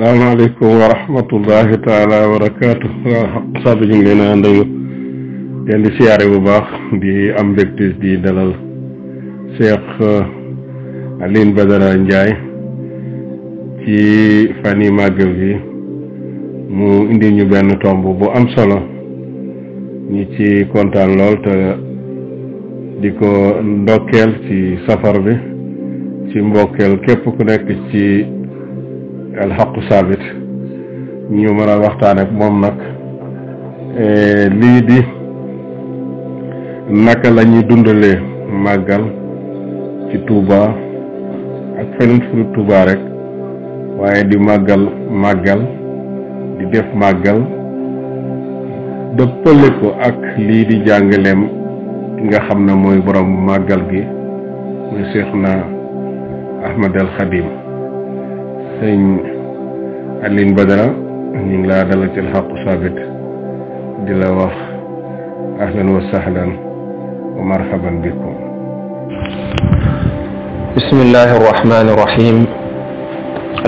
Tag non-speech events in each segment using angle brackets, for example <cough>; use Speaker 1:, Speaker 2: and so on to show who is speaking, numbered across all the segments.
Speaker 1: Assalamualaikum warahmatullahi taala wabarakatuh. تعالى وبركاته صافي ñu ngi naan dañu leen di siyaare bu baax di am mbégte di dalal Cheikh eh, Aline Badara Ndiaye ci fan yi gi mu indi ñu benn tomb bu am solo ñi ci kontaan lool te di ko ndokkeel ci safar bi ci mbokkeel képp ku nekk ci haq sabit ñu mëna waxtaan ak eh, di naka la dundalé magal ci touba ak feneen fu touba rek waaye di magal magal, di def magal. dëppale ko ak li di jangalem nga xam moy borom magal gi muy ahmad al Khadim. sëñ Aline Badara ñu ngi laa dalal ci alxaqu saabit di la wax
Speaker 2: بسم الله الرحمن الرحيم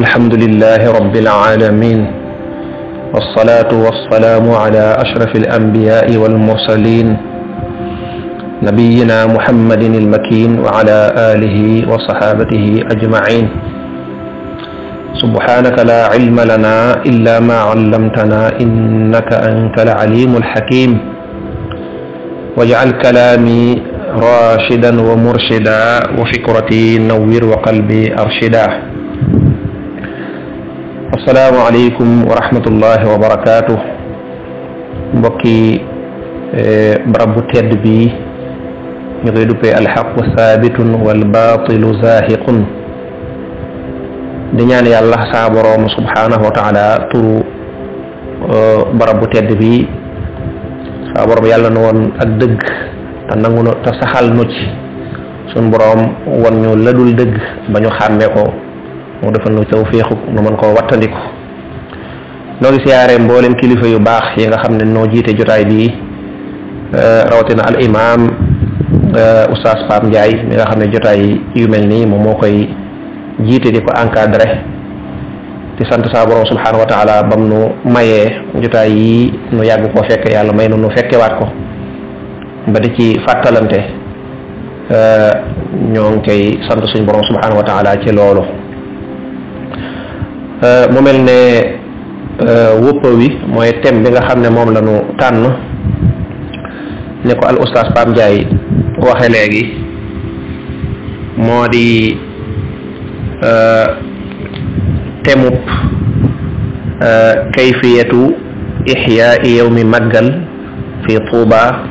Speaker 2: الحمد لله رب العالمين والصلاة والسلام على أشرف الأنبياء والمرسلين نبينا محمد المكين وعلى آله وصحابته أجمعين سبحانك لا علم لنا إلا ما علمتنا إنك أنت العليم الحكيم واجعل كلامي راشدا ومرشدا وفكرتي نوّر وقلبي أرشدا السلام عليكم ورحمة الله وبركاته بكي برب تدبي tedd الحق ثابت والباطل زاهق di ñaan yàlla sa borom subhanahu wa taala turu eh, barab bu tedd bi sa borom yàlla na woon ak dëgg te nangu te saxal nu ci sun borom won ñu ladul dëgg ba ñu xàmmee ko mu defal nu caw féexu nu mën koo wattandiku noo ngi siyaare mboolem kilifa yu baax yi nga xam ne noo jiite jotaay bii eh, rawatina al imam eh, oustaz pam jaay mi nga xam ne jotaay yu mel nii moom moo koy jiite di ko encadré di sant saa borom subhaanahu wa bam nu mayee jotaay yi nu yàgg koo fekke yàlla may nu nu fekkewaat ko ba di ci fàttalante euh, ñoo ngi koy sant suñ borom subhaanahu wa taala ci loolu euh, mu mel ne euh, wóppa wi mooy thème bi nga xam ne moom la ñu tànn ne ko al oustaz Pape Ndiaye waxe léegi moo di Eh, temub eh, kayfiyatu ihya'i yawmi maggal fi tuba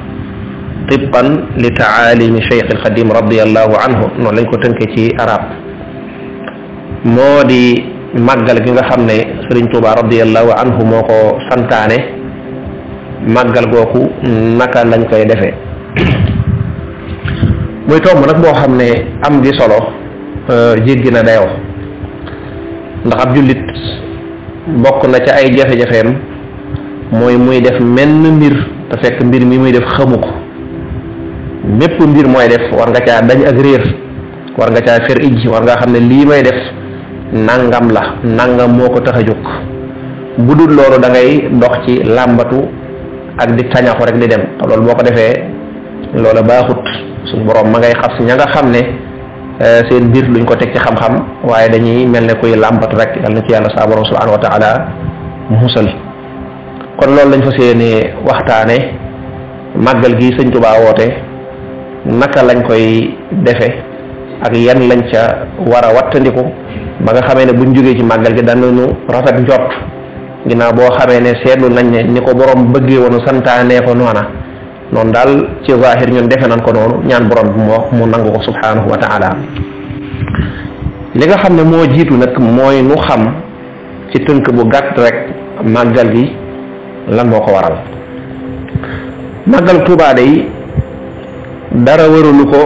Speaker 2: tibban li taalimi shaykh al qadim radiyallahu anhu noonu lañ ko tënke ci arab modi di gi nga xamne serigne touba radiyallahu anhu moko ko maggal goku naka lañ koy defé <coughs> muy tomb nak bo xamne am di solo Eh, jéggi na wax ndax ab jullit bokk na ca ay jafe-jafeem mooy muy def menn mbir te fekk mbir mi muy def xamu ko mépp mbir mooy def war nga caa dañ ak réer war nga caa fer ij war nga xam ne may def nangam la nangam moo ko tax a jóg bu dul loolu da ngay dox ci làmbatu ak di tañaxu rek di dem loolu boo ko defee loola baaxut borom ma ngay xas ña nga Euh, seen mbir luñ ko teg ci xam-xam waaye dañuy mel ne kuy làmbat rek yal na ci yàlla saa borom subhanahu wa musal kon loolu lañ fa seeni waxtaane màggal gi sëñ Tuubaa woote naka lañ koy defe ak yan lañ ca war a wattandiku ba nga xamee ne buñ jógee ci màggal gi danañu rafet njot ginnaaw boo xamee ne seetlu nañ ne ni ko borom bëggee woonu santaanee ko noona noonu daal ci zahir ñun defe nañ ko noonu ñaan borom bi moo mu nangu ko subhanahu wa taala li nga xam ne moo jiitu nag mooy nu xam ci tënk bu gàtt rek màggal gi lan moo ko waral màggal Tuubaa day dara waralu ko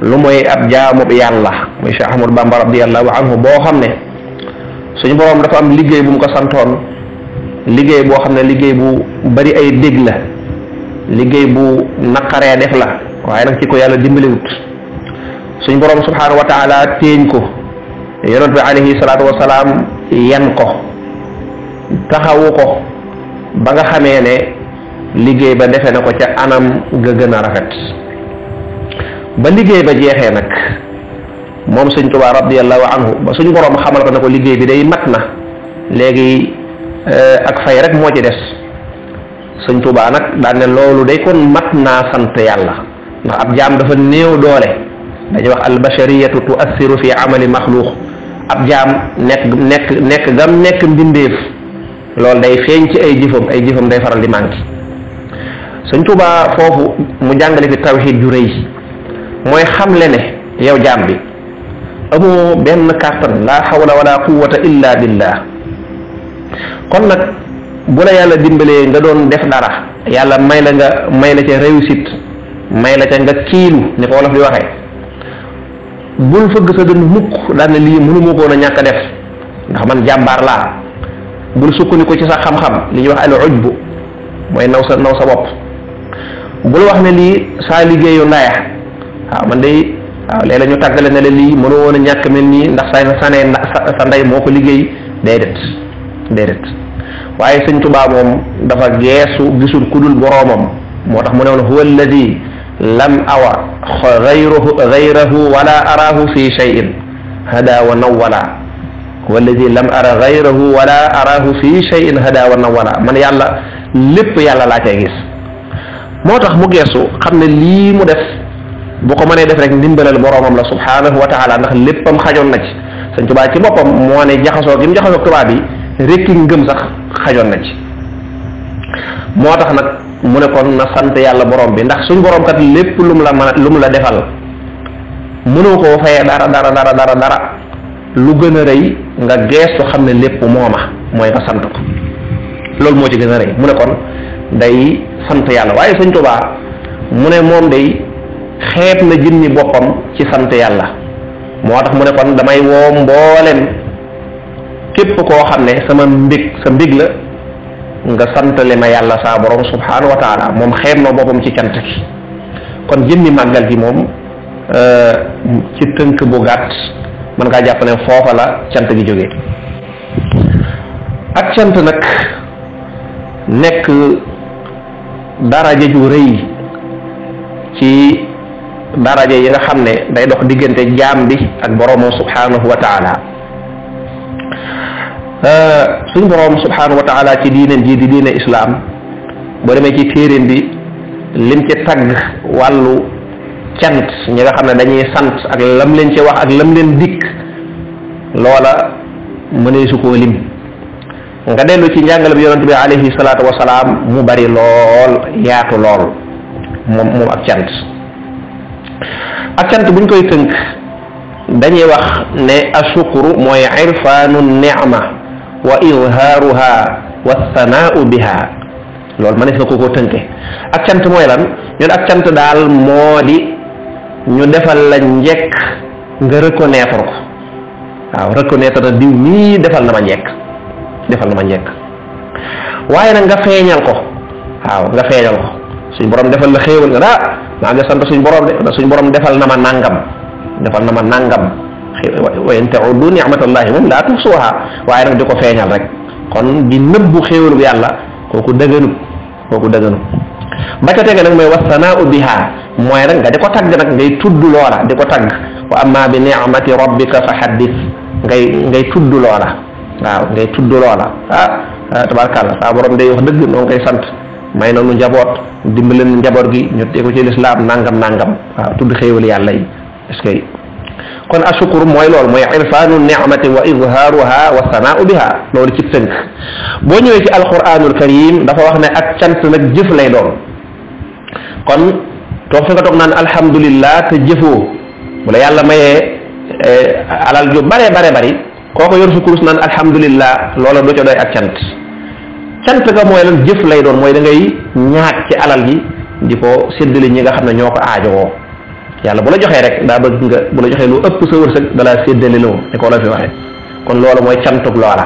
Speaker 2: lu mooy ab jaamub yàlla muy Cheikh Ahmadou Bamba radiyallahu anhu boo xam ne suñu borom dafa am liggéey bu mu ko santoon liggéey boo xam ne liggéey bu bari ay dég la liggéey bu naqaree def la waaye nag ci ko yàlla dimbaliwut suñ borom subhanahu wa téeñ ko yonent bi alayhi salaatu wa salaam yan ko taxawu ko ba nga xamee ne liggéey ba defe na ko ca anam ga gën a rafet ba liggéey ba jeexee nag moom sëñ Tuubaa radiyallahu anhu ba suñ borom xamal ko ne ko liggéey bi day mat na léegi eh, ak fay rek moo ci des sëñ Tuubaa nag daan loolu day kon mat naa sant yàlla ndax ab jaam dafa néew doole dañuy wax albashariyatu tuassiru fi amali maxluux ab jaam nekk nekk nekk gam nekk mbindeef loolu day feeñ ci ay jëfam ay jëfam day faral di manqué sëñ Tuubaa foofu mu jàngale fi tawxiid ju rëy mooy xamle ne yow jaam bi amoo benn kàttan laa xawla wala quwwata illa billah kon nag bu la yàlla dimbalee nga doon def dara yàlla may la nga may la ca réussite may la ca nga kiilu ni ko wolof di waxee bul fëgg sa dënn mukk daan ne lii mënuma koo a ñàkk def ndax man jàmbaar laa bul ko ci sa xam-xam li ñuy wax al ujbu mooy naw sa naw sa bopp bul wax ne lii saa liggéeyu ndaaya waaw man day waaw léeg la tàggale ne la lii mënu woon ñàkk mel nii ndax sa sa sa nday moo ko liggéey déedéet déedéet waaye sëñ tubaa dafa geesu gisul ku dul boroomam moo tax mu ne woon huwa alladi lam awa gayruhu gayrahu wala arahu fi cheyin hada wa nawala huwa alladi lam ara gayrahu wala wa nawala man yàlla lépp yàlla laa cay gis moo tax mu geesu xam ne lii mu def bu ko mënee def rek ndimbalal boroomam la subhanahu wa taala ndax léppam xajoon na ci sëñ tubaa ci boppam moo ne jaxasoo gi mu jaxasoo tubaab yi rekki ngëm sax xajoon na ci moo tax nag mu ne kon na sant yàlla borom bi ndax suñ borom kat lépp lu mu la mën lu mu la defal mënoo koo fayee dara dara dara dara lu gën a rëy nga geestu xam ne lépp mooma mooy nga sant ko loolu moo ci gën a rëy mu ne kon day sant yàlla waaye sëñ Tuubaa mu ne moom day xeeb na jëmmi boppam ci sant yàlla moo tax mu ne kon damay woo mbooleem képp koo xam ne sama mbég sa mbég la nga santale ma yàlla saa borom subhanahu wa taala moom xeeb na boppam ci cant gi kon jëmmi màggal gi moom euh, ci tënk bu gàtt mën ngaa jàpp ne la cant gi jógee ak cant nag nekk daraja ju rëy ci daraja yi nga xam ne day dox diggante jaam ak subhanahu wa taala Euh, suñ borom subhanahu wa ci diine ji di diine islaam boo demee ci téeréem bi lim ci tagg wàllu cant ñi nga xam ne dañuy sant ak lam leen ci wax ak lam leen dikk loola mënee su koo lim nga dellu ci njàngale bi yonent bi alayhi salaam mu bari lool yaatu lool moom moom ak cant ak cant buñ koy tënk dañuy wax ne asukuru mooy irfaanu ni'ma wa izharuha wa sana'u biha lol manes na koko ko ak cant moy lan ñun ak cant dal modi ñu defal la ñek nga reconnaître ko waaw reconnaître na diw mi defal na ma ñek defal na ma ñek waye nak nga feñal ko waaw nga feñal ko suñ borom defal la xewal nga da ah, ma nga sant suñ borom de suñ borom defal na ma nangam defal na ma nangam wa in ta'uddu ni'matallahi moom laa tuhsuha waaye nag di ko feeñal rek kon di nëbbu xéewalu bu yàlla kooku dëgganut kooku dëgganut ba ca tege nag mooy wasanaa biha mooy nag nga di ko tagg nag ngay tudd loola di ko tagg wa amma bi ni'mati rabbika fa haddis ngay ngay tudd loola waaw ngay tudd loola ah tabarkàlla saa borom day wax dëgg noo ngi sant may na njaboot njaboot dimbaleen njaboot gi ñu teg ko ci lislaam nangam nangam waaw tudd xéewal yàlla yi est-ce kon ashukur mooy loolu mooy irfaanu nicmati wa izhaaruha wa sanaau biha loolu ci tënk boo ñëwee ci alquranul karim dafa wax ne ak cant nag jëf lay doon kon toog fi nga toog naan alhamdulillah te jëfoo bu la yàlla mayee eh, alal yu bare bare bari kooko yor fi kurus naan alhamdulillah loola du ca doy ak cant cant ga mooy lan jëf lay doon mooy dangay ñaat ci alal yi di ko séddale ñi nga xam ne ñoo ko aajowoo yàlla bu la joxee rek daa bëgg nga bu la joxee lu ëpp sa wërsëg dalaa séddale loo ko la fi waxee kon loolu mooy cantug loola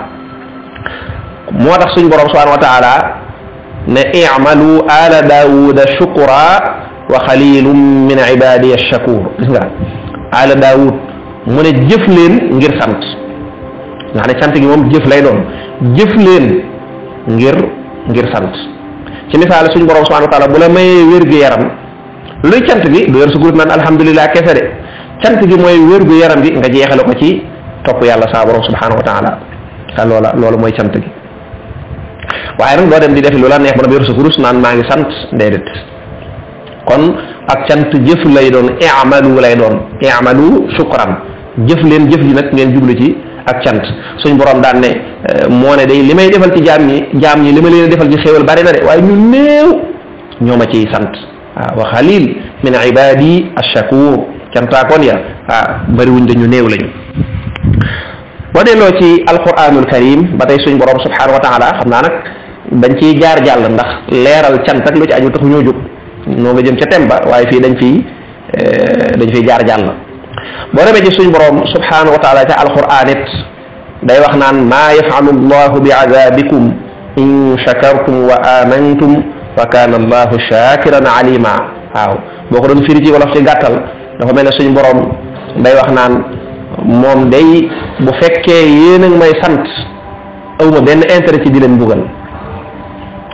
Speaker 2: moo tax suñ borom subhanahu wa taala ne i'malu ala daawuda shukura wa xalilum min ibadiya shakur gis nga ala daawud mu ne jëf leen ngir sant nga xam gi moom jëf lay doon jëf leen ngir ngir suñ borom subhanahu wa yaram luy cant bi du yor su gurut naan alhamdulilah kese de cant bi mooy wér gu yaram bi nga jeexale ko ci topp yàlla sa borom subhanahu wa taala loola loolu mooy cant gi waaye nag doo dem di def lu la neex borom yor su gurus naan maa ngi sant déedéet kon ak cant jëf lay doon i'malu lay doon i'malu shukran jëf leen jëf ji nag ngeen jublu ci ak cant suñ borom daan ne eh, moo ne day li may defal ci jaam ñi jaam ñi li ma leen defal ci xéewal bari na de waaye ñu néew ñoo ma ciy sant آه، وخليل من عبادي الشكور كان تاكون يا آه، بريون دنيو نيو لنيو ودلو القرآن الكريم باتي سوين برام سبحانه وتعالى خبنانك بنتي جار جال ندخ لير الچنتك لو تي عجو تخنيو جو نوغ جم تتمبا واي في دنفي آه، دنفي جار جال بورم جي سوين برام سبحانه وتعالى تي القرآن داي وخنان ما يفعل الله بعذابكم إن شكرتم وآمنتم wa kaana allahu shakiran alima waaw boo ko doon firi ci wolof ci gàttal dafa mel ne suñ boroom day wax naan moom day bu fekkee yéen a ngi may sant awma benn intérêt ci di leen mbugal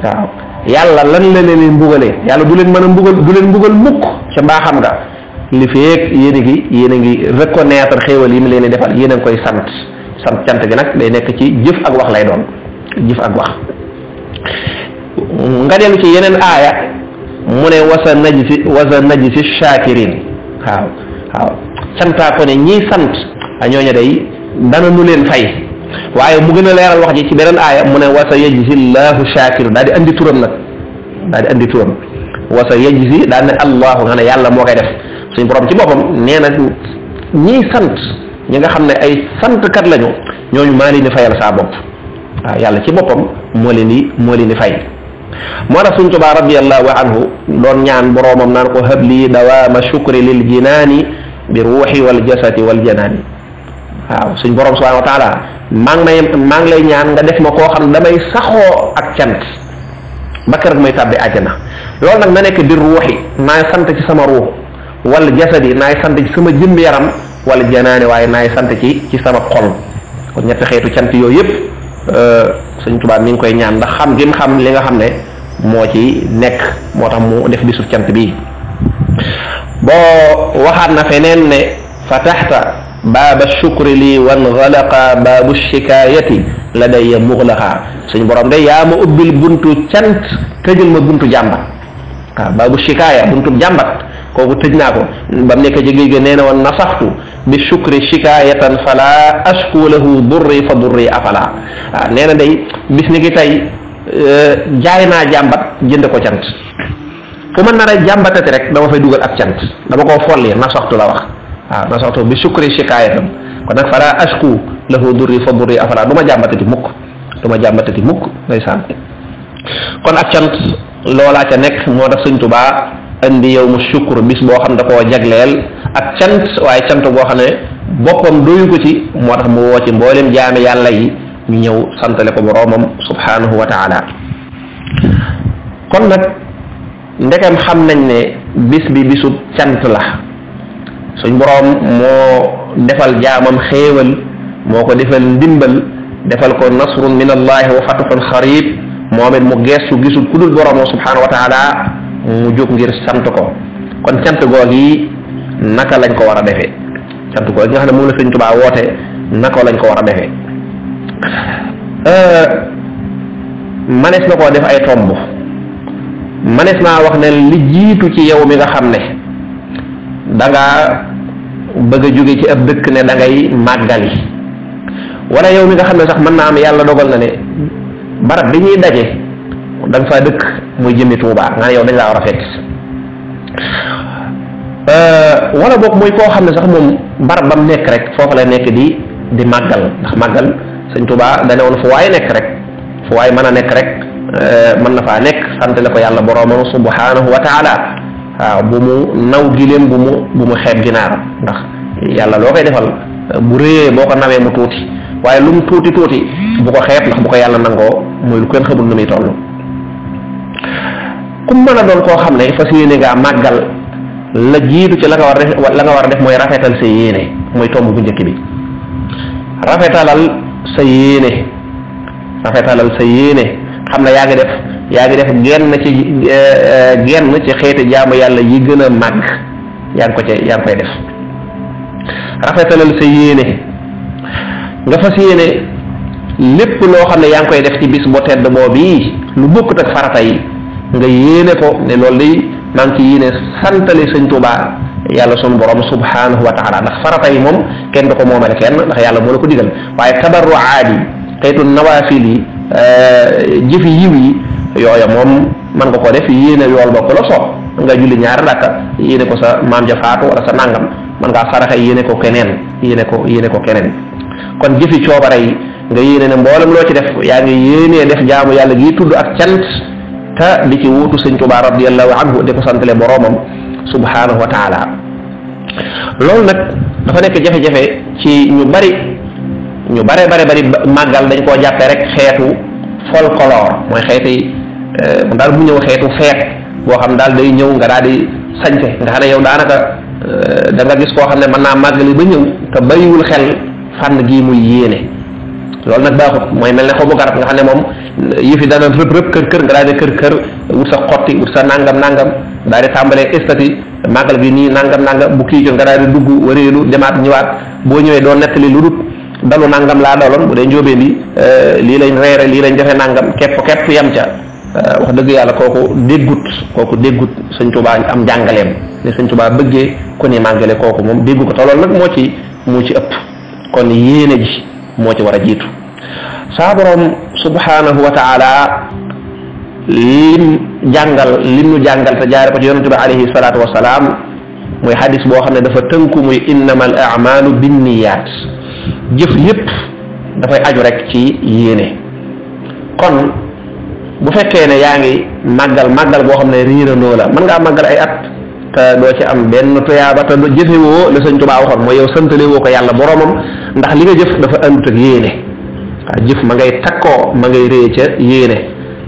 Speaker 2: waaw yàlla lan la leen mbugalee yàlla du leen mën a mbugal du leen mbugal mukk ca mbaaxam nga li feek yéen a ngi yéen a ngi xéewal yi mu leen defal yéen a ngi koy sant sant cant gi nag day nekk ci jëf ak wax lay doon jëf ak wax nga dellu ci yeneen aaya mu ne wasa najzi wasa najzi shakirin waaw waaw santaa ko ne ñii sant a ñooña day dana mu leen fay waaye mu gën a leeral wax ji ci beneen aaya mu ne wasa yajzi llahu shakirin daal di andi nag daal di andi turam wasa yajzi daal ne allahu nga ne yàlla moo koy def suñ borom ci boppam nee na ñii sant ñi nga xam ne ay santkat lañu ñooñu maa leen di fayal saa bopp waaw yàlla ci boppam moo leen di moo leen di fay moo tax suñ tubaa wa anhu don ñaan boromam nan ko habli dawama shukri lil jinani bi ruhi wal jasadi wal janaani wa sun borom subhanahu wa taala mang may mang lay ñaan nga def ma ko xam damay saxo ak cant ba keroog may tabbi aljana lol nak na nek bi ruhi ma sant ci sama ruh wal jasadi naay sant ci sama jimm yaram wal janaani way naay sant ci ci sama xol kon ñetti xetu cant yoyep euh suñ tuba mi ngi koy ñaan ndax xam gi xam li nga xam ne moo ci nekk moo tax mu def bisub cant bi boo waxaat na feneen ne fataxta baaba shukri lii wan xalaqa baabu shikaayati la day muxlaqa suñ borom de yaa ma ubbil buntu cant tëjal ma buntu jàmbat waaw baabu shikaaya buntu jàmbat kooku tëj naa ko ba mu nekk ci géej gi nee na woon nasaxtu bi shukri shikaayatan fala ashku lahu durri fa durri afala waaw nee na ki tey Euh, jaay naa jàmbat jënd ko cant fu ma nar jàmbatati rek dama fay dugal ak cant dama koo folli nasoxtu la wax waaw nasoxtu bi sukri shikaayatam kon nag fala ashku lahu durri fa durri afala du ma jàmbatati mukk du ma jàmbatati mukk ndeysaan kon ak cant loolaa ca nekk moo tax sëñ tubaa indi yow mu sukkur bis boo xam da koo jagleel ak cant waaye cant boo xam ne boppam doyu ko ci moo tax mu woo ci mboolem jaami yàlla yi ñu ñëw santale ko boroomam subhanahu wa taala kon nag ndegam xam nañ ne bis bi bisu cant la suñ boroom moo defal jaamam xéewal moo ko defal ndimbal defal ko nasrun min allahi wa fatxun xarib moom it mu geestu gisul ku dul boroomam subhanahu wa mu jóg ngir sant ko kon cant goog yi naka lañ ko war a defee cant goog yi nga xam ne moom la sëñ Tuubaa woote naka lañ ko war a defee Euh, manees na koo def ay tomb manees naa wax ne li jiitu ci yow mi nga xam ne danga bëgg a jóge ci ab dëkk ne da ngay màggali wala yow mi nga xam ne sax mën naa am yàlla dogal na ne barab bi ñuy daje da faa dëkk muy jëmmi Tuubaa nga ne yow dañ laa war a fekk euh, wala boog muy koo xam ne sax moom barab bam nekk rek foofu la nekk di di màggal ndax màggal sëñ Tuubaa dane woon fu waay nekk rek fu waay mën a nekk rek euh, mën na faa nekk sant la ko yàlla boroomam subhanahu wa taala waaw bu mu naw gileem bu mu bu mu xeeb ginaar ndax yàlla loo koy defal bu réyee boo ko nawee mu tuuti waaye lu mu tuuti tuuti bu ko xeet ndax bu ko yàlla nangoo mooy lu kenn xamul nu muy toll ku mën a doon koo xam ne fas yéene ngaa màggal la jiitu ci la nga war def la nga war a def mooy rafetal sa yéene mooy tomb bu njëkk bi rafetalal sa yéene rafetalal sa yéene xam na yaa ngi def yaa ngi def genn ci eh, eh, genn ci xeeti jaamu yàlla yi gën a màgg yaa ngi ko ci yaa ngi koy def rafetalal sa yéene nga fas yéene lépp loo xam ne yaa ngi koy def ci bis bu tedd boobu lu bokkut ak farata yi nga yéene ko ne loolu day maa ci yéene santale sëñ Tuubaa yàlla sunu borom subhanahu wa taala ndax farata yi moom kenn du ko moomale kenn ndax yàlla moo la ko digal waaye tabarruaat yi xeetu nawaafil yi eh, jëfi yiw yi yooya moom man nga ko def yéene yool ba ko la soob man nga julli ñaari rakka yéene ko sa maam ja faatu wala sa nangam man ngaa saraxa yéene ko keneen yéene ko yéene ko keneen kon jëfi coobare yi nga yéene ne mboolem loo ci def yaa ngi yéenee def jaamu yàlla gi tudd ak cant te di ci wuutu sëñ Tuubaa radiyallahu anhu di ko subhanahu wa taala lol nak dafa nek jafé jafé ci ñu bari ñu bare bare bari magal dañ ko jappé rek xeetu folklore xéeti euh eh, dal bu ñew xéetu xéet bo xam dal day ñew nga dal di sañté nga xam yow daanaka euh da nga gis ko xamné man na magali ba ñew ta bayiwul xel fànn gi muy yéene lol nak baaxut moy melni xobu garap nga xamné mom yifi yëfi dana rep rep kër kër nga dal di kër kër wu sa xoti wu sa nangam nangam daal di tàmbalee estati màggal bi nii nangam nangam bu kii jot nga daal di dugg wareelu demaat ñëwaat boo ñëwee doo nettali lu dul dalu nangam laa daloon bu dee njóobee lii euh, lii lañ reere lii lañ defe nangam kepp képp yam ca euh, wax dëgg yàlla kooku déggut kooku déggut sëñ Tuubaa am njàngaleem ne sëñ Tuubaa bëggee ku ni màggale kooku moom déggu ko te nag moo ci moo ci ëpp kon yéene ji moo ci war a jiitu saa borom subhanahu wa lim jàngal lim nu jàngal te jaare ko ci yonente bi alayhi salaam muy xadis boo xam ne dafa tënku muy innamal amalu binniyaat jëf yépp dafay aju rek ci yéene kon bu fekkee ne yaa ngi màggal màggal boo xam ne riirandoo la mën ngaa màggal ay at te doo ci am benn tuyaaba te jëfewoo la sëñ Tuubaa waxoon mooy yow santale woo ko yàlla boromam ndax li nga jëf dafa àndut ak yéene waaw jëf ma ngay takkoo ma ngay réye ca yéene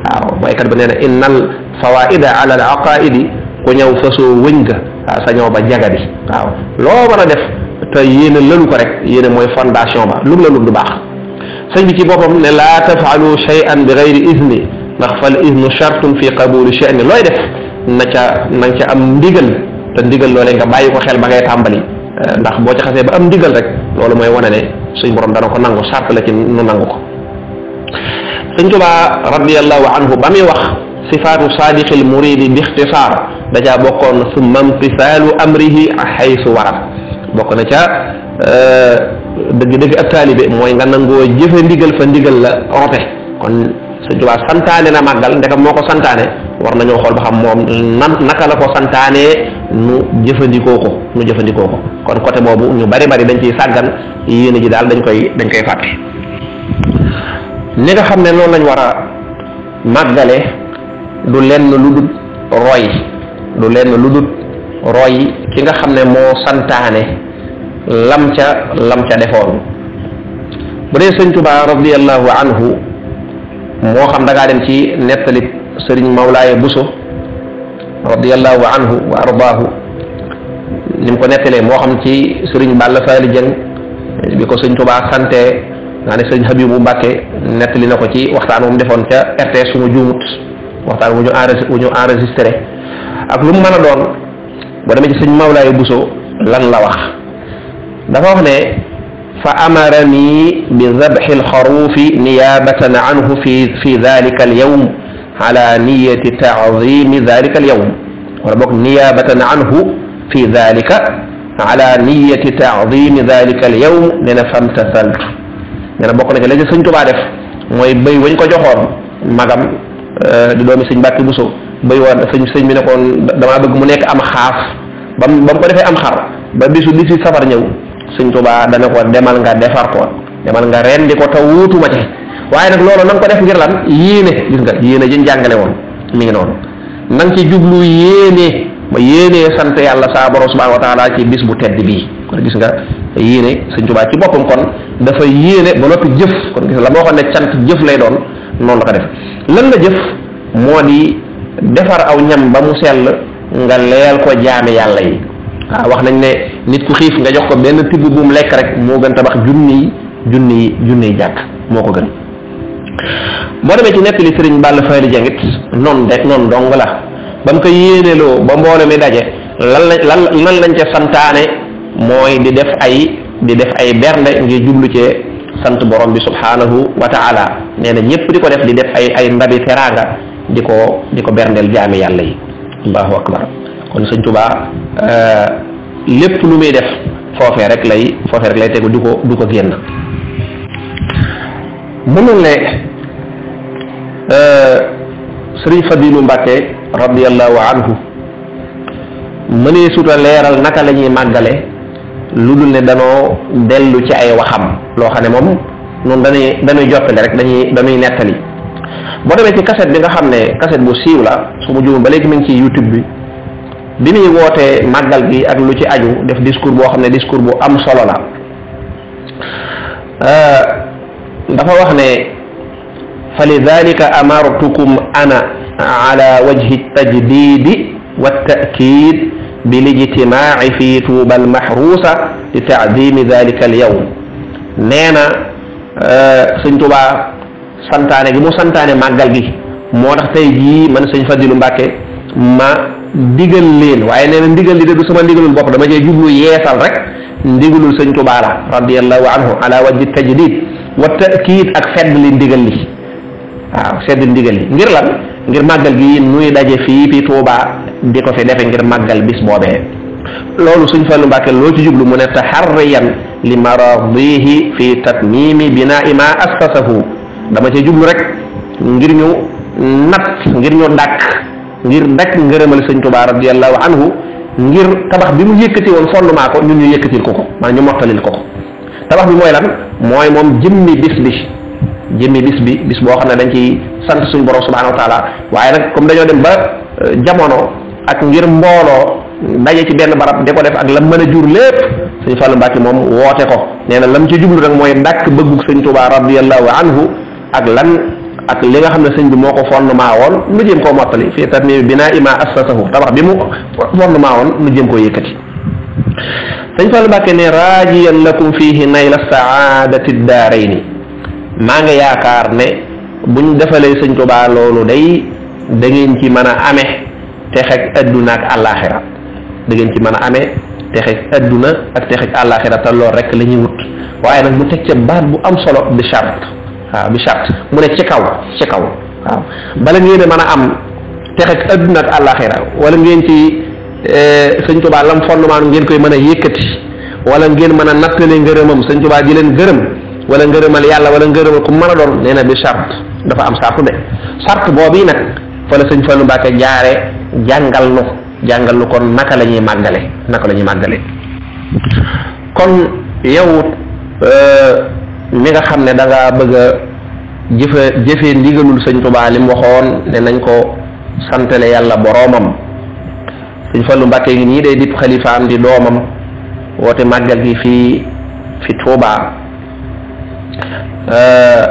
Speaker 2: waaw waykat bi nee na innal fawaida ala al aqaidi ku ñëw fasoo wëñ ga waaw ah, sa ñëw ba jagadi waaw loo mën a def te yéene lëlu ko rek yéene mooy fondation ba lum la lum du baax sëñ bi ci boppam ne la tafalu shay'an bi gayri izni ndax fal iznu shartun fi qabuli shay'in looy def na ca na ca am ndigal te ndigal loolee nga bàyyi ko xel ba ngay tàmbali eh, ndax boo ci xasee ba am ndigal rek loolu mooy wane ne suñ borom dana ko nangu sart la ci nu nangu ko sëñ tubaa radiallahu anhu ba muy wax sifaatu saadiqil muridi bi ixtisaar da caa bokkoon summa imtisaalu amrihi xaysu warat bokk na ca eh, dëgg dëgg ak taalibe mooy nga nangoo jëfe ndigal fa ndigal la rote kon sëñ tubaa santaane na màggal ndekam moo ko santaane war nañoo xool ba xam moom nan naka la ko santaanee nu jëfandikoo ko nu jëfandikoo ko kon côté boobu ñu bari bari dañ ciy sàggan yéene ji daal dañ koy dañ koy fàtte li nga xam ne noonu lañ war a màggale du lenn lu dul roy lu dul roy ki nga xam ne moo santaane lam ca lam ca defoon bu dee sëñ Tuubaa radiyallahu anhu moo xam dangaa dem ci nettali sëriñ Mawlaaye Buso radiyallahu anhu wa ardaahu ni mu ko nettalee moo xam ci sëriñ Balla Faali Jëng bi ko sëñ Tuubaa sante nga ne sëñ Habibou Mbacke nettali na ko ci waxtaan moom defoon ca RTS su ma juumut waxtaan wu ñu enregistré wu ñu enregistré ak lu mu mën a doon boo demee ci sëñ Mawlaay Bousso lan la wax dafa wax ne fa amarani bi dhabh al kharuf niyabatan anhu fi fi al yawm ala niyyati ta'zim taadimi al yawm wala boog niyabatan anhu fi dalika ala niyyati ta'zim dalika al yawm na famtasaltu nee na bokk na ci la ci sëñ def mooy béy wañ ko joxoon magam euh, di doomi sëñ bu Buso béy woon sëñ sëñ bi nekkoon damaa bëgg mu nekk am xaas ba mu ba mu ko defee am xar ba bisu di si safar ñëw sëñ Tuubaa dana ko demal nga defar ko demal nga rendi ko te wuutuma ci waaye nag loolu na ko def ngir lan yéene gis nga yéene jën jàngale woon mi ngi noonu na nga ci jublu yéene ma yéene sant yàlla saa borom subhanahu wa taala ci bis bu tedd bii kon gis nga yéene suñ Tuubaa ci boppam kon dafa yéene ba noppi jëf kon gis la moo xam ne cant jëf lay doon noonu la ko def lan la jëf moo di defar aw ñam ba mu sell nga leel ko jaame yàlla yi waaw wax nañ ne nit ku xiif nga jox ko benn tibb bu lekk rek moo gën tabax junni junni junni jàkk moo ko gën boo demee ci nettali sëriñ Balla Fally Dieng it noonu de noonu dong la ba mu ko yéeneloo ba mbooloo mi daje lan lañ lan lan lañ ca santaane Moy di def ay di def ay bernde ngir djublu ci sant borom bi subhanahu wa taala neena ñepp diko def di def ay ay mbabi teranga diko diko di ko yalla yi allahu akbar kon touba euh lepp lu muy def fofé rek lay fofé rek lay tegu duko ko du ko génn mënul ne euh, sëriñ fadilu mbàkke radiallahu anhu mënee suta leeral naka lañuy lu dul ne danoo dellu ci ay waxam loo xam ne moom noonu dañuy dañuy jottali rek dañuy dañuy nettali boo demee ci cassette bi nga xam ne cassette bu siiw la su mu juum ba léegi mi ngi ci youtube bi bi muy wootee màggal gi ak lu ci aju def discours boo xam ne discours bu am solo la dafa wax ne فلذلك أمرتكم أنا على وجه التجديد والتأكيد بالاجتماع في توبة المحروسة لتعظيم ذلك اليوم نينا آه، سنتوبا سنتانا جمو سنتانة مانجل جي موارخ تيجي من سنفا ديلو مباكة ما ديجل لين وعي نينا ديجل لين دوسما ديجل لين بقرة ما جي جبلو ييسال رك ديجلو سنتوبا لا رضي الله عنه على وجه التجديد والتأكيد أكثر من ديجل لين آه سيد ديجل لين غير لان غير مانجل جي نوي داجي في في توبا di ko fi defe ngir màggal bis boobee loolu suñ fallu mbàkke loo ci jublu mu ne taxarriyan li maradihi fi tatmimi binai ma asfasahu dama ci jublu rek ngir ñu nat ngir ñu dàkk ngir ndek ngërëmal sëñ tuba radiallahu anhu ngir tabax bi mu yëkkati woon fondement ko ñun ñu yëkkatil ko ko ma ñu mottalil ko ko tabax bi mooy lan mooy moom jëmmi bis bi jëmmi bis bi bis boo xam ne dañ ci sant suñ borom subhanahu wa taala waaye nag comme dañoo dem ba euh, jamono ak ngir mbooloo daje ci benn barab di ko def ak lam mën a jur lépp sëñ Fallou Mbacke moom woote ko nee na lam ci jublu nag mooy ndàkk bëggug sëñ Touba radiyallahu anhu ak lan ak li nga xam ne sëñ bi moo ko fondement woon nu jéem koo mottali fii tamit bi naa ima assasahu tabax bi mu fondement woon nu jéem koo yëkkati sëñ Fallou Mbacke ne raajiyan la fiihi nayla saadati daarayni maa nga yaakaar ne buñ defalee sëñ Touba loolu day da ngeen ci mën a ame texeg adduna ak àllaaxira da ngeen ci mën a amee texeg adduna ak texeg àllaaxira te loolu rek la ñuy wut waaye nag mu teg ca baat bu am solo bi charte waaw bi charte mu ne ci kaw ci kaw waaw bala ngeen a mën a am texeg adduna ak àllaaxira wala ngeen ci e, sëñ Tuubaa lam fondement ngeen koy mën a yékkati wala ngeen mën a nattale ngërëmam sëñ Tuubaa ji leen gërëm wala ngërëmal yàlla wala ngërëmal ku man a doon nee bi charte dafa am sartu de charte fa la sëñ Fallou Mbacke jaare jàngal lu jàngal lu kon naka la ñuy màggale naka lañuy ñuy màggale kon yow euh, mi nga xam ne da nga bëgg a jëfe jëfee ndigalul sëñ Touba li mu waxoon ne nañ ko santale yàlla boroomam sëñ Fallou Mbacke ngi nii day dib xalifaam di doomam woote màggal gi fii fi Touba euh,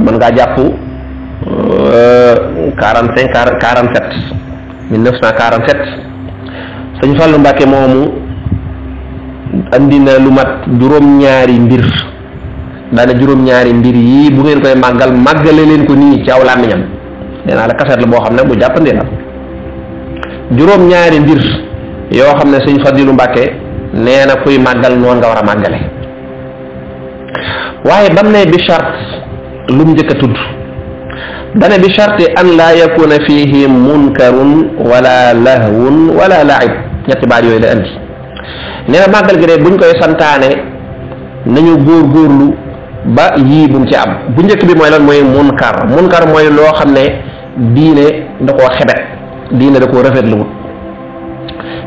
Speaker 2: mën ngaa jàpp quarante cinq quarante sept mille neuf cent quarante sept sëñ Fallou Mbacke moomu andi na lu mat juróom ñaari mbir daana juróom ñaari mbir yi bu ngeen koy màggal màggale leen ko nii ci aw làmmiñam nee naa la kaset la boo xam ne bu jàppandi la juróom ñaari mbir yoo xam ne sëñ Fadilu Mbacke nee na kuy màggal noonu nga war a màggale waaye bam ne bi charte lu mu njëkk a tudd dane bi charti an laa yakuna fihi munkarun wala lahwun wala laib ñetti baat yooyu la andi nee na màggal gi de buñ koy santaane nañu góor góorlu ba yii buñ ci am bu njëkk bi mooy lan mooy munkar munkar mooy loo xam ne diine da ko xebet diine da koo rafetluwut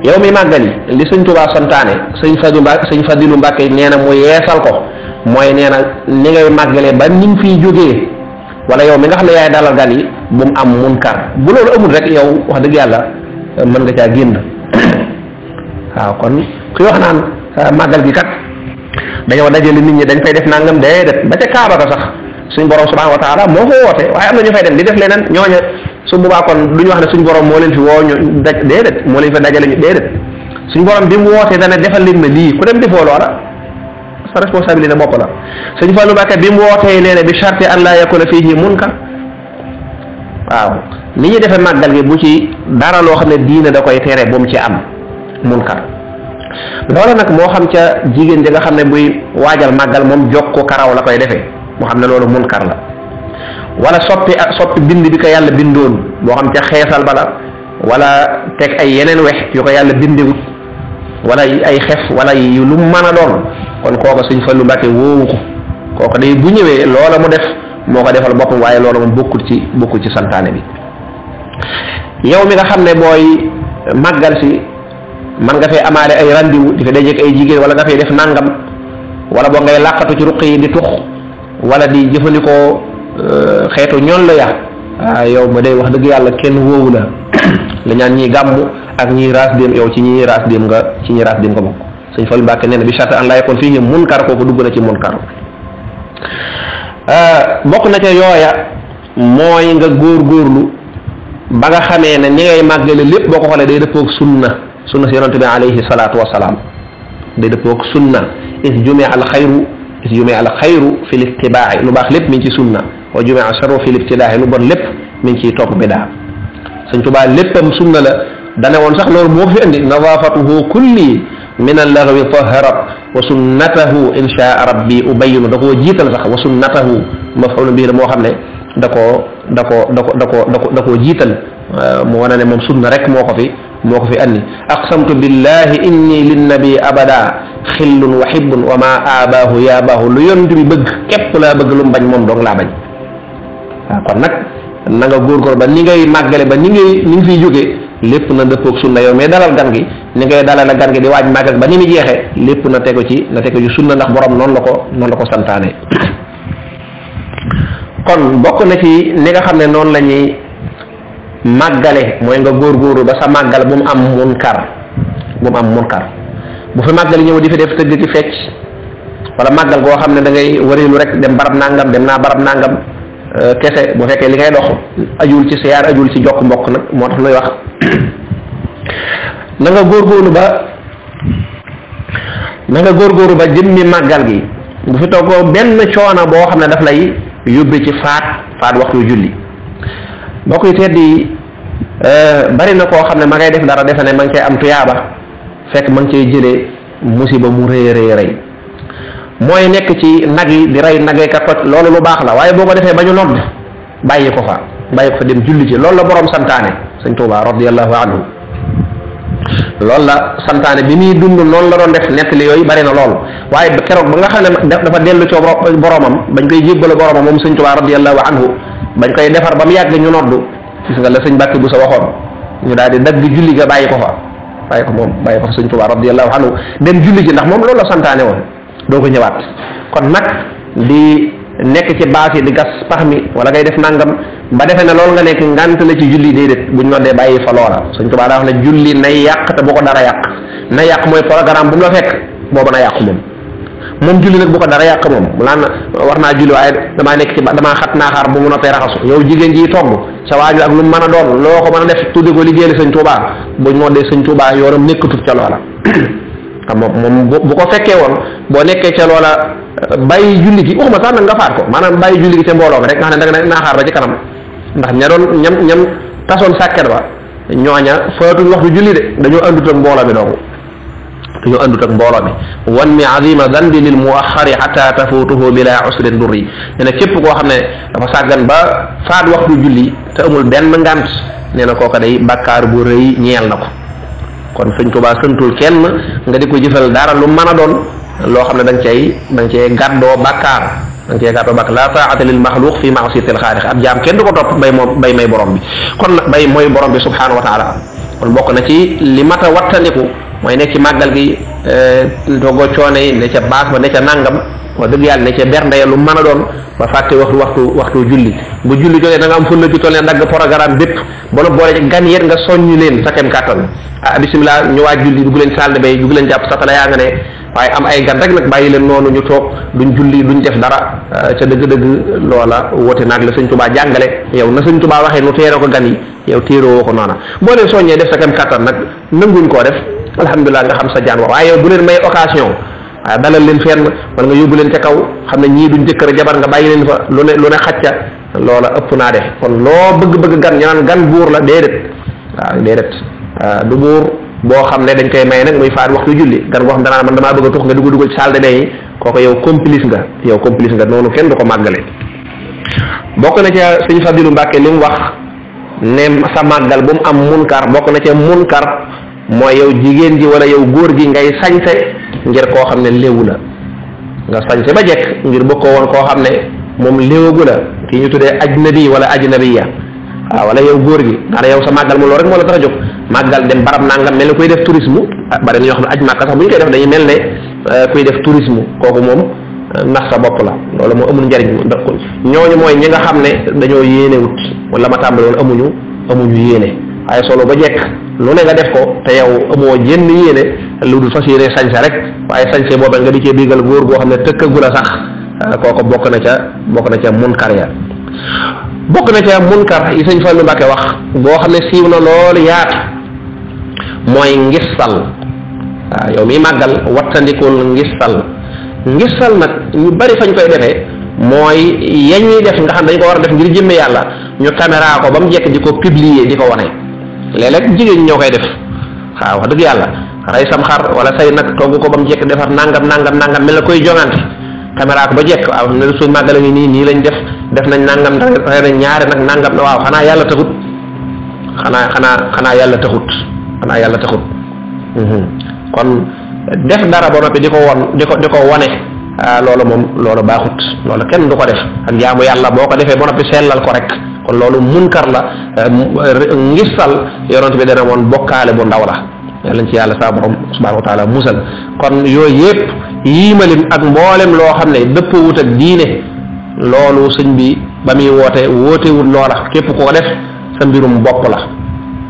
Speaker 2: yow mi màggal yi li sëñ Tuubaa santaane sëñ Fadilu Mbàkke sëñ Fadilu Mbàkke nee na mu yeesal ko mooy nee na ni ngay màggalee ba ni mu fiy jógee wala yow mi nga xamne yaay dalal gan yi bu mu am munkar bu lolu amul rek yow wax deug yalla euh, man nga ca genn <coughs> wa kon ku wax naan euh, magal gi kat dañoo dajale nit ñi dañ fay def nangam def ba ca kaaba ga sax suñ borom subhanahu wa taala mo ko wote waye am na ñu fay dem di def lenen ñoña su ba kon duñu wax ne suñ borom mo leen fi woo ñu daj déedéet moo leen fa dajale ñu def suñ borom bi mu wote dana defal leen na ku dem defoo loola sa responsabilité bopp la sëñ Fallou Mbacké bi mu wootee nee na bi charte an laa yakuna fiihi munkar waaw li ñu defee màggal gi bu ci dara loo xam ne diine da koy tere bu mu ci am munkar loolu nag moo xam ca jigéen ji nga xam ne buy waajal màggal moom jokku karaw la koy defee moo xam ne loolu munkar la wala soppi ak soppi bind bi ko yàlla bindoon moo xam ca xeesal bala wala teg ay yeneen wex yu ko yàlla bindewut wala ay xef wala yu lu mu a doon kon kooka sëñ Fallu Mbàkke woowu ko kooka day bu ñëwee loola mu def moo ko defal boppam waaye loola moom bokkul ci bokkul ci santaane bi yow mi nga xam ne booy màggal si man nga fee amaale ay randiwu di fa dajeek ay jigéen wala nga fay def nangam wala boo ngay làqatu ci ruq yi di tux wala di jëfandikoo euh, xeetu ñoon la ya ah yow ma day wax dëgg yàlla kenn woowu la <coughs> la ñaan ñiy gàmm ak ñiy raas dem yow ci ñiy raas dem nga ci ñiy raas dem nga bokk sëñ Fallu Mbàkke nee na bi charte an laa yakun fii munkar kooku dugg na ci munkar euh, bokk na ca yooya mooy nga góorgóorlu ba nga xamee ne ni ngay màggale lépp boo ko xoolee day dëppoog sunna sunna si yonante bi alayhi salaatu wasalaam day dëppoog sunna is jumia al xayru is jumia al xayru fi listibaai lu baax lépp mi ngi ci sunna wa jumia sarru fi libtidaahi lu bon lépp mi ngi ciy topp bidaa sëñ Tubaa léppam sunna la dane woon sax loolu moo fi indi min allaxwi taharat wa sunnatahu insha rabbi ubayinu da koo jiital sax wa sunnatahu maf'ulun bihi la moo xam ne da koo da koo da ko da koo da da koo jiital euh, mu wane ne moom sunna rek moo ko fi moo ko fi andi aqsamtu billahi inni linnabi abada xillun wa hibbun wa ma abaahu yaabaahu lu yonent bi bëgg képp laa bëgg lu mu bañ moom dong laa bañ waaw kon nag na nga góorgóor ba ni ngay màggale ba ni ngay ni nga fiy jóge lépp na dëppoog sunna yow mais dalal gan gi ni ngay dalal gan gi di waaj màggal ba ni mu jeexee lépp na tegu ci na tegu ci sunna ndax borom noonu la ko noonu la ko santaane kon bokk na ci ni nga xam ne noonu la ñuy màggale mooy nga góorgóorlu ba sa màggal bu mu am munkar bu mu am munkar bu fi màggal ñëw di fi def tëgg di fecc wala màggal goo xam ne dangay ngay rek dem barab nangam dem naa barab nangam Euh, kese bu fekkee li ngay dox ajul ci siyaar ajul ci jokk mbokk nag moo tax nuy wax <clears throat> na nga góorgóorlu ba na nga góorgóorlu ba jëmmi màggal gi bu fi toggoo benn coono boo xam ne daf lay yóbbe ci faat faat waxtu julli mbokk yi tedd yi euh, bari na koo xam ne ma ngay def dara defe ne ma ngi cay am tuyaaba fekk ma ngi cay jëlee musiba mu rëy rëy rëy moy nek ci nag yi di ray nagee ka toj lolou lu bax la waye boko defé bañu nodd ko fa ko dem julli ci lolou la borom santane señ touba radiyallahu anhu lolou la santane bi ni dund non la doon def li yoy bari na lool waye keroog ba nga xam dafa delu ci boromam bañ koy boromam mom señ touba radiyallahu anhu bañ koy defar bam mu ñu nodd gis nga la señ bakki bu sa waxon ñu daldi di dagg julli ga bàyyi ko fa bàyyi ko mom bàyyi ko señ touba radiyallahu anhu dem julli ci ndax mom lolou la santane won doo ko ñëwaat kon nag di nekk ci baas yi di gas pax mi wala ngay def nangam ba defe na loolu nga nekk ngant la ci julli déedéet dee noddee bàyyi fa loola suñ tubaa daa wax ne julli nay yàq te bu ko dara yàq na yàq mooy programme bu mu la fekk boobu na yàq moom julli nag bu dara yàq moom mu laan war naa julli waaye damaa nekk ci damaa xat naa xaar bu mu noppee raxasu yow jigéen ji togg sa waaju ak lu mu mën a doon loo ko mën a def tudde ko liggéeyal sëñ tuubaa buñ noddee sëñ tuubaa yoonam nekkatul ca loola <clears throat> xam nga moom bu ko fekkee woon boo nekkee ca loola euh, bàyyi julli gi waxuma sax nag nga faat ko maanaam bàyyi julli gi ca mbooloo ma rek nga xam ne da nga naaxaar ba ci kanam ndax ña doon ñam ñam tasoon sàkket ba ñooña faatuñ waxtu julli de dañoo àndut ak mbooloo mi dong dañoo àndut ak mbooloo mi wan mi azima danbi lil muaxari xata tafutuhu bila usrin durri nee na képp koo xam ne dafa sàggan ba faat waxtu julli te amul benn ngant nee na kooka day bàkkaar bu rëy ñeel na ko kon sëñ Tuubaa santul kenn nga di ko jëfal dara lu man a doon loo xam ne da nga cay da nga cay gàddoo bàkkaar da nga cay gàddoo bàkkaar la taa'ata lil maxluuq fi ma'siyatil xaaliq ab jaam kenn du ko topp bay moom bay may borom bi kon bay mooy borom bi subhaanahu wa taala kon bokk na ci li mat a wattandiku mooy nekk ci màggal gi dogoo eh, coono yi ne ca baas ba ne ca nàngam wax dëgg yàlla ne ca bernde ya lu man a doon ba fàtte waxtu waxtu waxtu julli bu julli jotee da nga am fulla ju toll ne dagg programme bépp ba la boole gan yéen nga soññu leen sa kem ah bisimilah ñu waaj julli dugg leen saal de bay dugg leen jàpp satala yaa nga ne waaye am ay gan rek nag bàyyi leen noonu ñu toog duñ julli duñ def dara ah, ca dëgg-dëgg loola woote naag la sëñ tubaa jàngale yow na ko gan sa kam kàttan nag nanguñ koo def alhamdulilah nga xam sa jaan wa waaye yow bu leen may occasion waaw dalal leen fenn wala nga yóbbu leen ca kaw xam ne ñii duñ jëkkër jabar nga bàyyi leen fa lu ne lu ne xacca loola ëpp naa def kon loo bëgg-bëgg gan ñu naan gan buur la déedéet waaw déedéet Euh, dubur boo xam ne dañ koy may nag muy faat waxtu julli gan goo xam danaa man damaa bëgg a tux nga dugg duggal ci salle de bain yi kooku yow complice nga yow complice nga noonu kenn du ko màggale bokk na ca suñu fadilu mbàkke li mu wax ne sa màggal bu am munkar bokk na ca munkar mooy yow jigéen ji wala yow góor ji ngay sañse ngir koo xam ne léwu la nga sañse ba jekk ngir bokkoo woon koo xam ne moom léwagu la kii ñu tuddee ajnabi wala ajnabiya waaw wala yow góor gi daana yow sa màggal mu loolu rek moo la tax a magal dem barab nangam mel koy def tourisme ah, bari na ñoo xam ne aj màkka koy def dañuy melne euh, koy def tourisme koku mom euh, nax sa bop la loolu moo amul njariñ ndax ñoñu moy ñi nga xamne ne dañoo yene wut wala ma tambal won amuñu amuñu yene ay solo ba jek lu ne nga def ko te yow amoo jenn yene lu dul fas sañ sa rek sañ sañse bobal nga di ci biigal goor goo xamne ne la sax ah, koku bok na ca bok na ca mun ya bok na ca kar yi sañ Fallu mbake wax boo xamne siwna siiw na mooy ngistal waaw yow mii màggal wattandikul ngistal ngistal nag ñu bari fañ koy defee mooy yañ def nga xam dañ ko war a def ngir jëmme yàlla ñu caméra ko ba mu jekk di ko publier di ko wane léeg jigéen ñoo koy def waaw wax dëgg yàlla rey sam xar wala say nag togg ko ba mu jekk defar nangam nangam nangam mel la koy jongante caméra ko ba jekk waaw ne suñ màggale nii nii lañ def def nañ nangam rey nañ ñaari nag nangam waaw xanaa yàlla taxut xanaa xanaa xanaa yàlla taxut xanaa yàlla taxut mhm. kon def dara ba noppi di ko won di ko di ko wane ah, loolu moom loolu baaxut loolu kenn du ko def ak jaamu yàlla boo ko defee ba noppi sellal ko rek kon loolu munkar la eh, eh, ngistal yonent bi dana woon bokkaale bu ndaw la lañ ci yàlla saa borom subhanahu wa taala musal kon yooyu yëpp yiimalim ak mboolem loo xam ne dëpp wut ak diine loolu sëñ bi ba muy woote wootewul loola képp koo def sa mbirum bopp la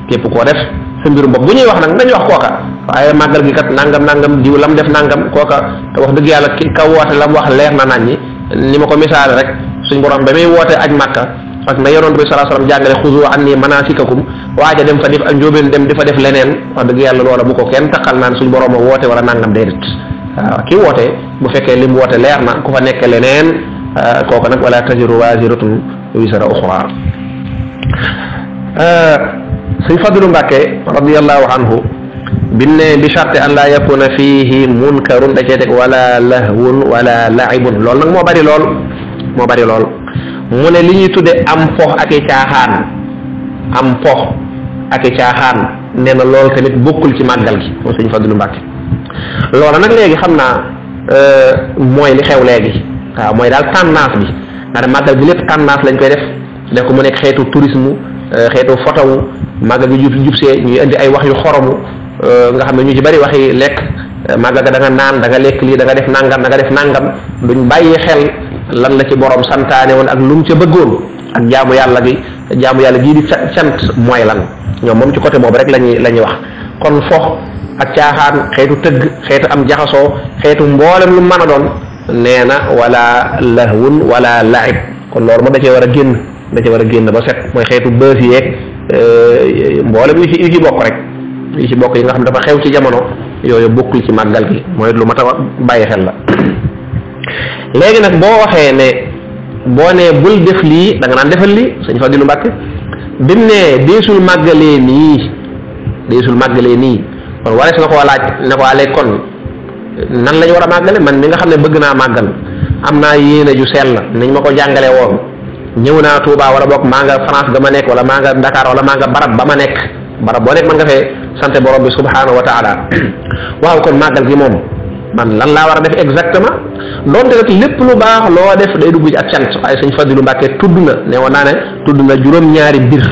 Speaker 2: képp koo def sa mbirum bopp bu ñuy wax nag nañu wax kooka waaye màggal gi kat nangam nangam diw lam def nangam kooka wax dëgg yàlla ki ka woote lam wax leer na nañ ñi ni ma ko misaale rek suñ borom ba muy woote aj màkka ak na yonent bi sallallahu alayhi wasallam jàngale xuzu anni manasikakum waaja dem fa def ak njóobeen dem di fa leneen wax dëgg yàlla loola bu ko kenn taxal naan suñ borom woote wala nangam déedéet waaw ki woote bu fekkee li mu woote leer na ku fa nekk leneen ah, kooka nag wala taziru waziratun wisra uxra euh, suñ fadilu mbàkke radiallahu anhu bim ne bi charte an laa yakuna fii munkarun da cee teg wala lahwun wala laibun loolu nag moo bari lool moo bari lool mu ne li ñuy tudde am fox ak i caaxaan am fox ak i caaxaan nee na loolu tamit bokkul ci màggal gi moom suñ fadilu mbàkke loola nag léegi xam naa euh, mooy li xew léegi waaw mooy daal tendance bi ndax màggal bi lépp tendance lañ koy def def ko mu nekk xeetu tourisme Euh, xeetu foto wu màggal gi jub jubsee ñuy indi ay wax yu xoromu euh, nga xam ne ñu ci bari waxi lekk euh, màggal ga da naan da nga lekk lii da nga def nangam danga def nangam duñ bàyyi xel lan la ci borom santaane woon ak lu mu ca bëggoon ak jaamu yàlla gi jaamu yàlla gii di cant mooy lan ñoom moom ci côté boobu rek lañuy la ñuy wax kon fox ak caaxaan xeetu tëgg xeetu am jaxasoo xeetu mboolem lu mën a doon nee na wala lahwun wala laib kon loolu moom da cee war a génn da ci war a génn ba set mooy xeetu bës yeeg euh, mboolem yu ci yu ci bokk rek yu ci bokk yi nga xam dafa xew ci jamono yooyu bokkul ci màggal gi mooy lu mat a bàyyi xel la léegi nag boo waxee ne boo nee bul def lii da nga naan defal lii sëñ Fadilu Mbàkke bim ne deesul màggalee nii deesul màggalee nii kon warees na koo laaj ne ko alee kon nan lañ war a màggale man mi nga xam ne bëgg naa màggal am naa yéene ju sell nañ ma ko jàngale woon ñëw naa Touba wala boog maa nga France ga ma nekk wala maa nga Dakar wala maa nga barab ba ma nekk barab boo nekk mën nga fee sante borom bi subhanahu wa taala <clears throat> waaw kon màggal gi moom man lan laa war a def exactement donte nag lépp lu baax loo def day dugg ci ak cant waaye sëñ Fadilu Mbàkke tudd na ne woon naa ne tudd na juróom-ñaari mbir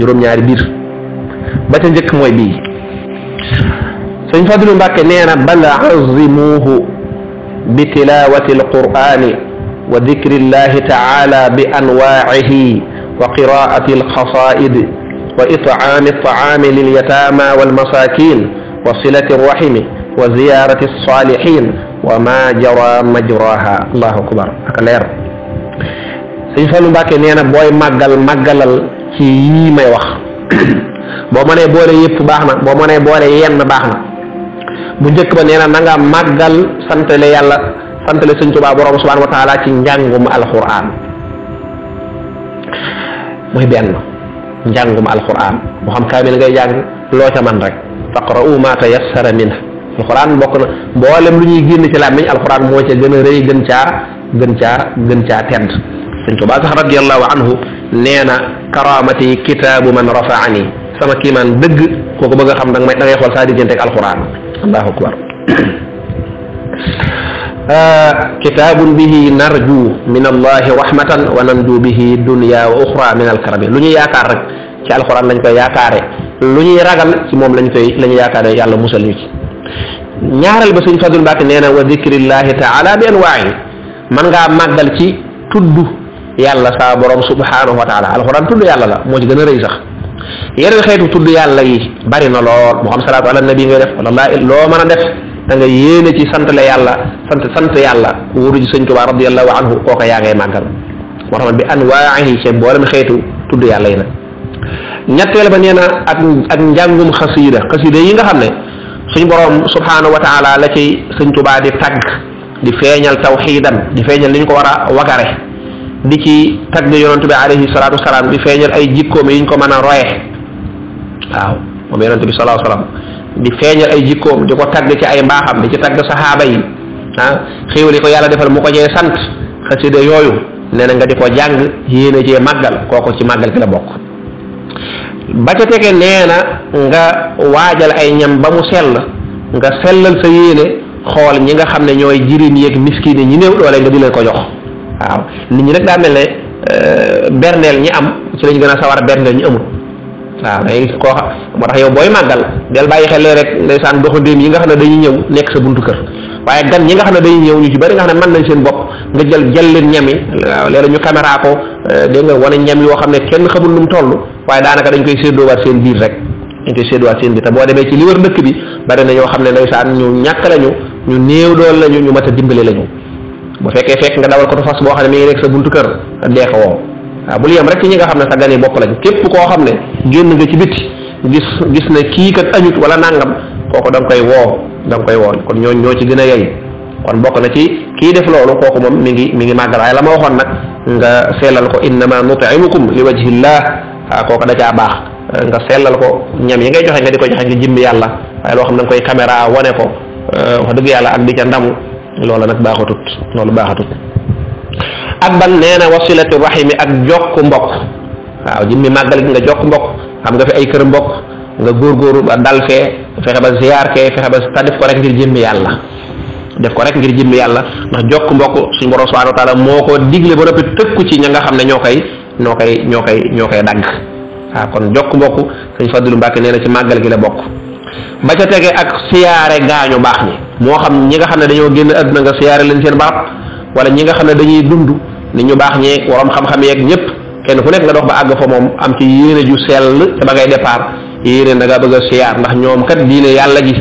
Speaker 2: juróom-ñaari mbir ba ca njëkk mooy bii sëñ Fadilu Mbàkke nee na bal azimuhu bi tilawati alqurani وذكر الله تعالى بأنواعه وقراءة الخصائد وإطعام الطعام لليتامى والمساكين وصلة الرحم وزيارة الصالحين وما جرى مجراها الله أكبر أكبر سيد فلو باكي نينا بوي مغل مغل كي ما يوخ بو ماني بو لي ييب باخنا بو ماني بو لي يين نينا نغا مغل سانتي لي santale seigne touba borom subhanahu wa ta'ala ci njangum alquran moy ben njangum alquran mo xam kamil ngay jang lo ca man rek faqra'u ma tayassara min alquran bokk na mbolem lu ñuy genn ci lamiñ alquran mo ca gëna reey gën ca gën ca gën ca tedd seigne touba sax radiyallahu anhu neena karamati kitabu man rafa'ani sama kiman deug koku bëgg xam dang may dangay xol sa digënté ak alquran allahu akbar kitaabun bi narju min allahi rahmatan wa nanju bihi dunya wa uxra min alkarami lu ñuy yaakaar rek ci alxuraan lañ koy yaakaare lu ñuy ragal ci moom lañ koy la ñuy yaakaare yàlla musal ñu ci ñaareel ba sëñ Fadul Mbàkke nee na wa zikrillahi taala bi anwaayi man ngaa màggal ci tudd yàlla saa borom subhanahu wa taala alxuraan tudd yàlla la moo ci gën a rëy sax yeneen xeetu tudd yàlla yi na lool moo xam salaatu ala nabi ngay def loo mën a def da nga yéene ci sant la yàlla sant sant yàlla ku wóoru ji sëñ Tuubaa radiyallahu anhu kooka yaa ngay màggal moo tax bi anwaahi ci mboolem xeetu tudd yàlla yi na ñetteel ba nee na ak ak njàngum xasiida xasiida yi nga xam ne suñ borom subhaanahu wa la ci sëñ Tuubaa di tagg di feeñal tawxiidam di feeñal li ñu ko war a wagare di ci tagg yonent bi alayhi salaatu wasalaam di feeñal ay jikkoom yi ñu ko mën a roye waaw moom yonent bi salaa wasalaam di feeñal ay jikkoom di ko tagg ci ay mbaaxam di ci tagg saxaaba yi ah xéewal ko yàlla defal mu ko cee sant de yooyu nee na nga di ko jàng yéene cee màggal kooko ci màggal gi la bokk ba ca tege nee na nga waajal ay ñam ba mu sell nga sellal sa yéene xool ñi nga xam ne ñooy jiriñ yeeg miskin yi ñi néew doole nga di leen ko jox waaw nit ñi nag daa mel ne euh, berneel ñi am ci lañ gën a sawar berneel ñi amul waaw da koo xam moo tax yow booy màggal del bàyyi xel leen rek ndeysaan doxandéem yi nga xam ne dañu ñëw nekk sa buntu kër waaye gan ñi nga xam ne dañuy ñëw ñu ci bari nga xam ne mën nañ seen bopp nga jël jël leen ñami waaw léeg ñu caméra ko euh, dégg nga wane yoo xam ne kenn xamul nu mu toll waaye daanaka dañ koy séddoo séddoowaat seen biir rek dañ koy séddoowaat seen biir te boo demee ci li wër dëkk bi bari na ñoo xam ne ndeysaan ñu ñàkk lañu ñu néew dool lañu ñu mat a dimbale lañu bu fekkee fekk nga dawal ko fas boo xam ne mi ngi nekk buntu kër deexa woo waaw bul yem rek ci ñi nga xam ne sa gan yi bopp lañ képp koo xam ne génn nga ci biti gis gis ne kii kat añut wala nangam kooku da nga koy woo da koy woo kon ñoo ñoo ci gën a yey kon bokk na ci kii def loolu kooku moom mi ngi mi ngi màggal waaye la ma waxoon nag nga sellal ko innama nutimukum li wajhillah waaw kooku da caa baax nga sellal ko ñam yi ngay joxe nga di ko joxe nga jimbi yàlla waaye loo xam ne nga koy caméra wane ko wax dëgg yàlla ak di ca ndamu loola nag baaxatut loolu baaxatut ak nena neena wasilatu rahimi ak jokku mbokk waaw jimmi magal nga jokku mbokk xam nga fi ay kërëm mbokk nga goru ba dal fe fexe ba ziar ke fexe ba ta def ko rek ngir jimmi yalla def ko rek ngir jimmi yalla ndax jokk mbokk suñu borom subhanahu wa taala moko diglé ba noppi ci ñinga xamne ñokay ñokay ñokay ñokay dag koy kon jokk mbokk suñ fadlu mbàkke neena ci magal gi la bokk ba ca tege ak siyaare gañu bax ni mo xam ñi nga xam ne dañoo nga siyaare leen seen wala ñi nga xam dañuy dundu ni ñu baax ñe worom xam-xam yeeg ñep kenn ku nek nga dox ba ag fa mom am ci yene ju sel te ba ngay départ yene da nga bëgg a ndax ñom kat diine yalla gi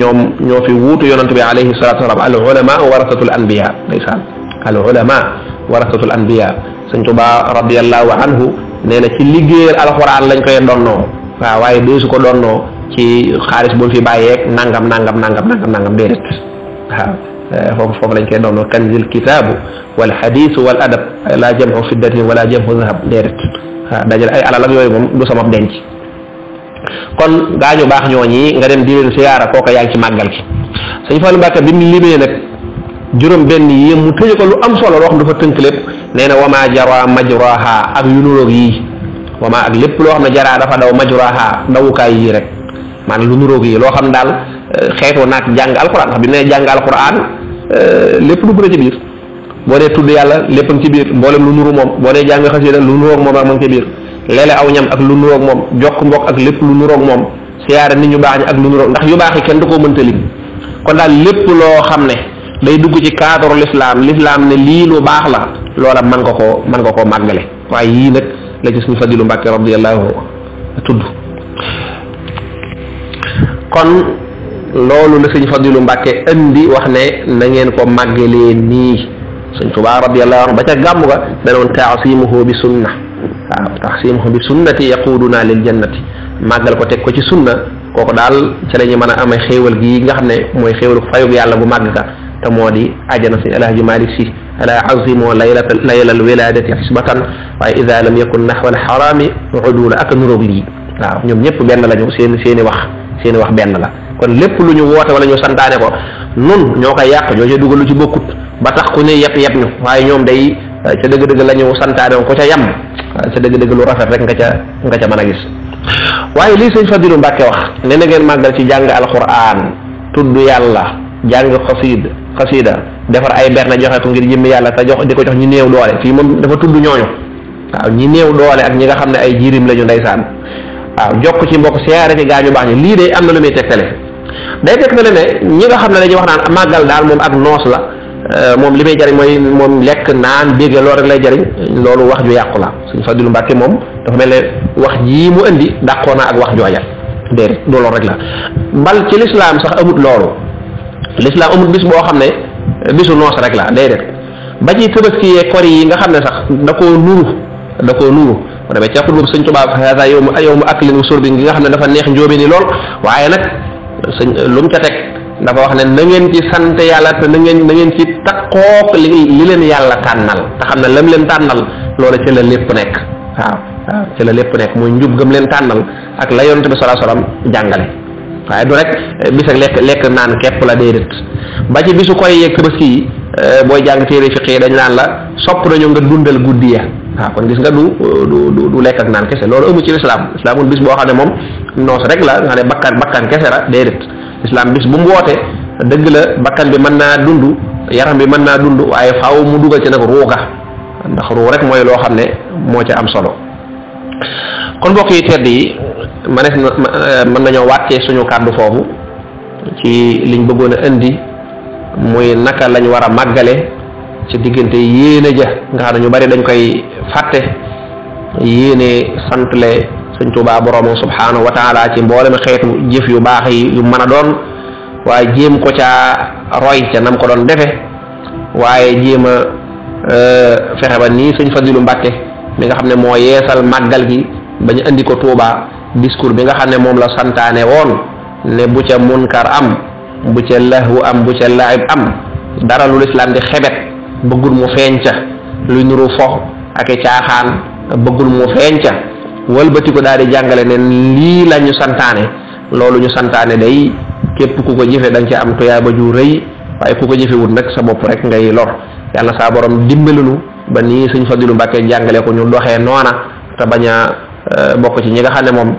Speaker 2: ñom ño fi wootu yonent bi alayhi salatu wasalam al ulama warathatul anbiya ndeysaan al ulama warathatul anbiya sëñ tuba radiallahu anhu neena na ci liggéeyal alquran lañ koy wa waye waaye su ko donno ci xaaliss bu fi baye nangam nangam nangam nangam nangam déedéet Eh, foofu foofu lañ koy doon kanzil kitaabu wal xadiisu wal eh, laa jamxu fiddatin wala jamxu zahab déedéet waaw ah, dajale ay alal ak yooyu moom du sama denc kon gaañu baax ñooñi nga dem di leen siyaara kooka yaa ngi ci màggal gi sëñ Fallu Mbàkke bi mu limee nag juróom benn yi mu tëje ko lu am solo loo xam dafa tënk lépp nee na wama jara majraha ak yu nuroog yii wama ak lépp loo xam ne jaraa dafa daw majraha dawukaay yii rek maanaam lu nuroog yii loo xam daal xeetoo naag jàng alquran ndax bi ne jàng alquran euh, lépp lu bëri ci biir boo dee tudd yàlla lépp ci biir mboolem lu nuru moom boo dee jàng xasida lu nuroog moom ak moom ci biir léele aw ñam ak lu nuroog moom jokk mbokk ak lépp lu nuroog moom siyaara nit ñu baax ñi ak lu nuroog ndax yu baax yi kenn du ko mënta lim kon daal lépp loo xam ne day dugg ci cadre l'islam l'islam ne lii lu baax la loola man nga koo man nga koo màggale waaye yii nag la ci suñu fadilu mbàkke radiyallahu tudd kon loolu la sëñ Fadilu Mbàkke indi wax ne na ngeen ko màggalee nii sëñ Tuubaa radiyallaahu anhu ba ca gàmmu ga danoon taasimuhu bi sunna waaw taasimuhu bi sunnati yaquduna lil jannati màggal ko teg ko ci sunna kooku daal ci la ñu mën a amee xéewal gii nga xam ne mooy xéewalu fayug yàlla bu màgg ka te moo di ajana sëñ Alaaji Maalik Si alaa azimoo laylata laylal wilaadati xisbatan waaye ida lam yakun naxwal xaraami ak nuróog lii waaw ñoom ñëpp benn lañu seen seeni wax seeni wax benn la kon lepp luñu wote wala ñu santane ko nun ñoo koy yàq ñoo ca dugal ci bokut ba tax ku ne yep yep ñu waye ñom day ah, ca deug deug lañu santane ko ca yam ah, ca deug deug lu rafet rek nga ca nga ca mën gis waye li seigne fadilu mbàkke wax ne na ngeen magal ci jang alquran tuddu yalla jang xasiid xasiida defar ay berna joxe ko ngir yim yalla ta jox diko jox ñu neew doole fi mom dafa tuddu ñoño waaw ñi neew doole ak ñi nga xamne ay jirim lañu ndaysan waaw jokk ci mbokk siyaare ci gañu baax li day am na lu muy tekkale day fekk na ne ñi nga xam ne dañuy wax naan màggal daal moom ak noos la euh, moom li may jariñ mooy moom lekk naan dégg loolu rek lay jariñ loolu wax ju yàqu la suñ Fadilu moom dafa mel ne wax jii mu indi dàqoo na ak wax jooja déedéet doo loolu rek la mbal ci lislaam sax amut loolu lislaam amut bis boo xam ne bisu noos rek la day déedéet ba ci tabaski yee kori yi nga xam ne sax da koo nuru da koo nuru bu demee ca xutba sëñ Tuubaa hasa yow mu yow mu aklin suur bi nga xam ne dafa neex njóome ni lool waaye nag sëñ lu mu ca teg dafa wax ne na ngeen ci sant yàlla te na ngeen na ngeen ci takkook li li leen yàlla tànnal te xam ne lam leen tànnal loola ci la lépp nekk waaw waaw ci la lépp nekk mooy njub gëm leen tànnal ak la yonent bi sallallahu alayhi jàngale waaye nah, du rek eh, bis ak lekk lekk naan képp la déedéet ba ci bisu koy yeeg tabaski yi eh, booy jàng téere fi xëy dañ naan la sopp nañu nga dundal guddi ya waaw kon gis nga du du du lekk ak naan kese loolu amu ci lislaam islam bis boo xam ne moom noos rek la nga ne bakkan bakkan kese la déedéet islam bis bu mu woote dëgg la bakkan bi mën naa dund yaram bi mën naa dund waaye faaw mu dugal ci nag ruuga ndax ruu rek mooy loo xam ne moo am solo kon mbokk yi tedd yi manees na eh, mën nañoo wàccee suñu kàddu foofu ci liñ bëggoon a indi muy naka lañ war a màggale ci diggante yéene ja nga xam ne ñu bari dañ koy fàtte yéene santle suñ Tuubaa boroomam subhaanahu wa taala ci mboolem xeetu jëf yu baax yi yu mën a doon waaye jéem ko caa roy ca nam ko doon defe waaye jéem a eh, fexe ba nii suñ Fadilu Mbàkke mi nga xam ne moo yeesal màggal gi bañ andi ko tuuba discours bi nga xamne mom la santane won le bu ca munkar am bu ca lahu am bu ca laib am dara lu lislaam di xebet bëggul mu feeñ ca lu nuru fo ak xaan bëggul mu feeñ ca ko daali jangale ne li lañu santane ñu santane day kep ku ko jëfé dañ ci am tuyaa ba ju reuy waye ku ko wut nak sa bop rek ngay lor yalla sa borom dimbalinu ba ni suñu fadilu mbacke jangale ko ñu doxé nona ta baña Euh, bokk ci ñi nga xam ne moom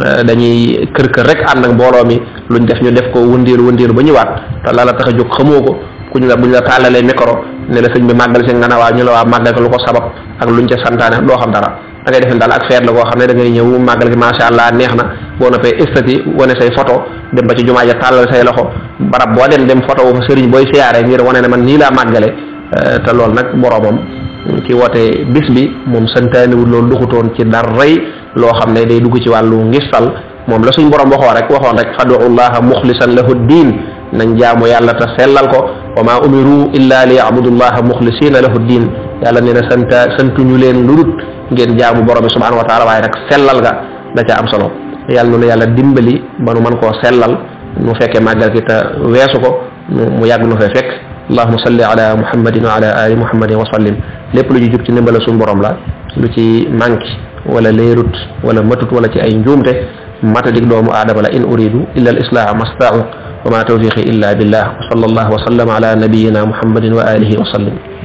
Speaker 2: euh, dañuy kër kër rek ànd ak mbooloo mi luñ def ñu def ko wëndiir wëndiir ba ñëwaat te la la tax a jóg xamoo ko ku ñu la bu ñu la tàllalee micro ne la sëñ bi màggal si nga ne waa ñu la waa màggal ko lu ko sabab ak luñ ca santaane doo xam dara da def defen daal ak feet la koo xam ne da ngay ñëw màggal gi macha allah neex na boo noppee estati wane say photo dem ba ci jumaa ja tàllal say loxo barab boo dem dem photo wu fa sëriñ booy siyaare ngir wane ne man nii laa màggale euh, te loolu nag boroomam ci wote bis bi moom santaaniwul loolu duxutoon ci daray loo xam ne day dugg ci wàllu ngistal moom la suñ borom waxoon rek waxoon rek faduullaha muxlisan lahu diin nañ jaamu yàlla te sellal ko wa maa umiru illa li yabudullaha muxlisina lahu diin yàlla ne na santa santuñu leen lu dut ngeen jaamu borom bi subhanahu wa taala waaye rek sellal ga da ca am solo yàlla noonu yàlla dimbali ba nu mën koo sellal nu fekkee màggal gi te weesu ko mu yàgg nu fekk اللهم صل على محمد وعلى ال محمد وسلم لب لو جوك تي نيمبال سون بوروم لا لو تي مانكي ولا ليروت ولا ماتوت ولا تي اي نجومته ماتا ديك دومو ادم لا ان اريد الا الاصلاح ما وما توفيقي الا بالله وصلى الله وسلم على نبينا محمد واله وسلم